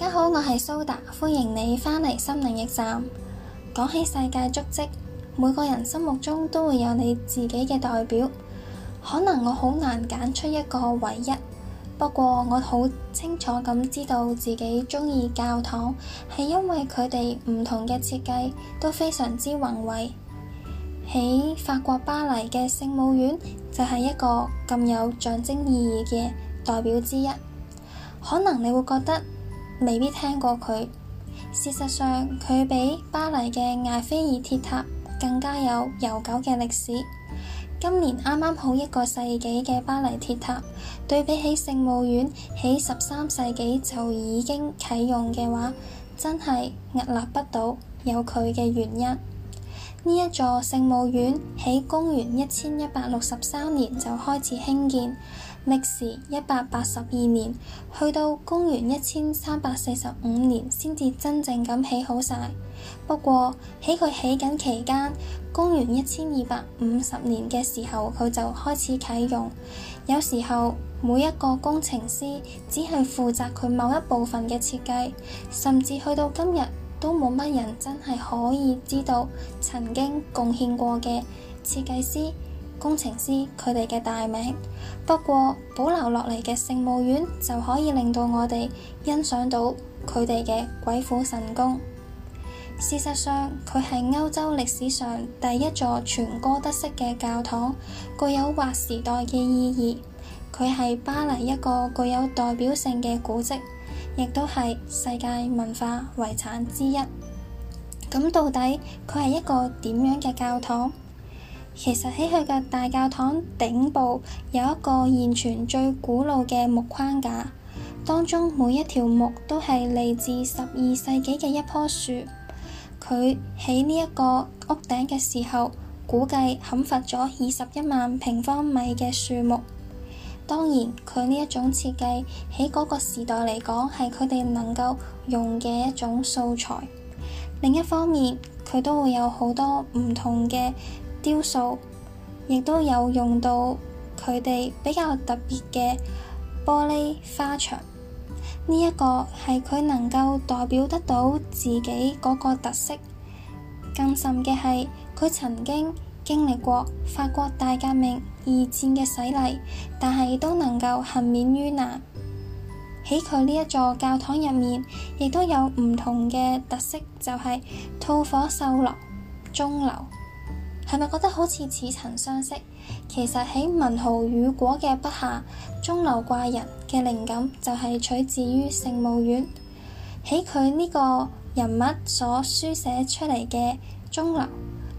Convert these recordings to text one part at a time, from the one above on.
大家好，我係蘇打，歡迎你返嚟心靈驛站。講起世界足跡，每個人心目中都會有你自己嘅代表。可能我好難揀出一個唯一，不過我好清楚咁知道自己鍾意教堂，係因為佢哋唔同嘅設計都非常之宏偉。喺法國巴黎嘅聖母院就係一個咁有象徵意義嘅代表之一。可能你會覺得。未必聽過佢，事實上佢比巴黎嘅艾菲爾鐵塔更加有悠久嘅歷史。今年啱啱好一個世紀嘅巴黎鐵塔，對比起聖母院喺十三世紀就已經啟用嘅話，真係屹立不倒，有佢嘅原因。呢一座聖母院喺公元一千一百六十三年就開始興建。歷時一百八十二年，去到公元一千三百四十五年先至真正咁起好晒。不過喺佢起緊期間，公元一千二百五十年嘅時候，佢就開始啟用。有時候，每一個工程師只係負責佢某一部分嘅設計，甚至去到今日都冇乜人真係可以知道曾經貢獻過嘅設計師。工程師佢哋嘅大名，不過保留落嚟嘅聖母院就可以令到我哋欣賞到佢哋嘅鬼斧神工。事實上，佢係歐洲歷史上第一座全哥德式嘅教堂，具有劃時代嘅意義。佢係巴黎一個具有代表性嘅古蹟，亦都係世界文化遺產之一。咁到底，佢係一個點樣嘅教堂？其實喺佢嘅大教堂頂部有一個現存最古老嘅木框架，當中每一條木都係嚟自十二世紀嘅一棵樹。佢喺呢一個屋頂嘅時候，估計砍伐咗二十一萬平方米嘅樹木。當然，佢呢一種設計喺嗰個時代嚟講係佢哋能夠用嘅一種素材。另一方面，佢都會有好多唔同嘅。雕塑亦都有用到佢哋比較特別嘅玻璃花牆。呢、這、一個係佢能夠代表得到自己嗰個特色，更甚嘅係佢曾經經歷過法國大革命、二戰嘅洗禮，但係都能夠幸免於難。喺佢呢一座教堂入面，亦都有唔同嘅特色，就係、是、吐火秀樓鐘樓。係咪覺得好似似曾相識？其實喺文豪雨果嘅筆下，鐘樓怪人嘅靈感就係取自於聖母院。喺佢呢個人物所書寫出嚟嘅鐘樓，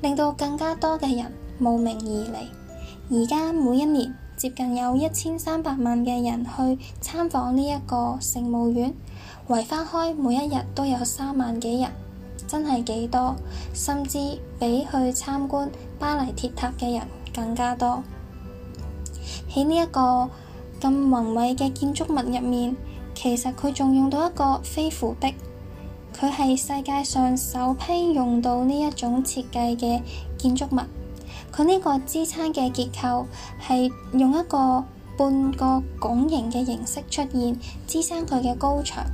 令到更加多嘅人慕名而嚟。而家每一年接近有一千三百萬嘅人去參訪呢一個聖母院，圍翻開每一日都有三萬幾人。真係幾多，甚至比去參觀巴黎鐵塔嘅人更加多。喺呢一個咁宏偉嘅建築物入面，其實佢仲用到一個飛扶壁，佢係世界上首批用到呢一種設計嘅建築物。佢呢個支撐嘅結構係用一個半個拱形嘅形式出現，支撐佢嘅高牆，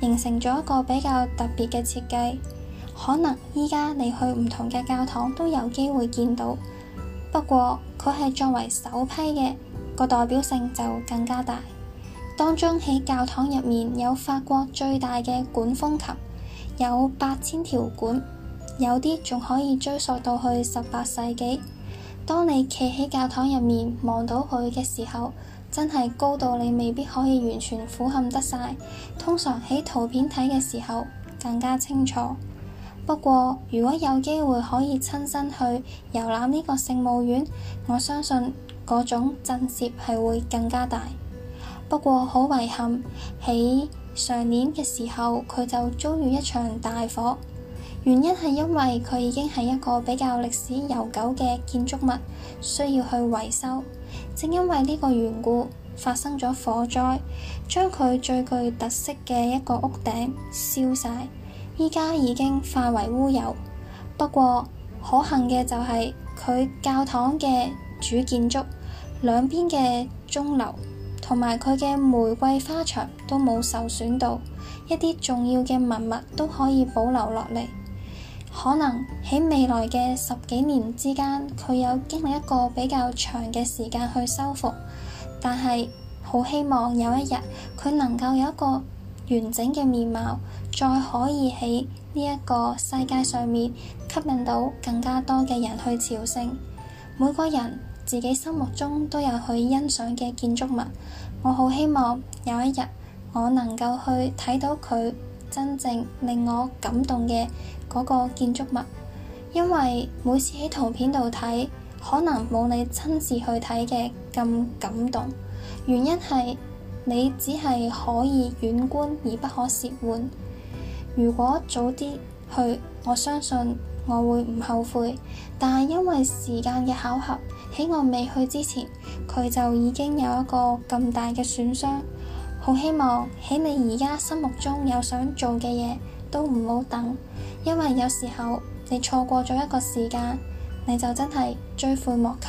形成咗一個比較特別嘅設計。可能而家你去唔同嘅教堂都有機會見到，不過佢係作為首批嘅，個代表性就更加大。當中喺教堂入面有法國最大嘅管風琴，有八千條管，有啲仲可以追溯到去十八世紀。當你企喺教堂入面望到佢嘅時候，真係高到你未必可以完全俯瞰得晒。通常喺圖片睇嘅時候更加清楚。不過，如果有機會可以親身去遊覽呢個聖母院，我相信嗰種震懾係會更加大。不過，好遺憾喺上年嘅時候，佢就遭遇一場大火。原因係因為佢已經係一個比較歷史悠久嘅建築物，需要去維修。正因為呢個緣故，發生咗火災，將佢最具特色嘅一個屋頂燒晒。而家已經化為烏有。不過可幸嘅就係佢教堂嘅主建築，兩邊嘅鐘樓同埋佢嘅玫瑰花牆都冇受損到，一啲重要嘅文物都可以保留落嚟。可能喺未來嘅十幾年之間，佢有經歷一個比較長嘅時間去修復，但係好希望有一日佢能夠有一個完整嘅面貌，再可以喺呢一個世界上面吸引到更加多嘅人去朝聖。每個人自己心目中都有佢欣賞嘅建築物，我好希望有一日我能夠去睇到佢真正令我感動嘅嗰個建築物，因為每次喺圖片度睇，可能冇你親自去睇嘅咁感動。原因係。你只係可以遠觀而不可褻玩。如果早啲去，我相信我會唔後悔。但係因為時間嘅巧合，喺我未去之前，佢就已經有一個咁大嘅損傷。好希望喺你而家心目中有想做嘅嘢，都唔好等，因為有時候你錯過咗一個時間，你就真係追悔莫及。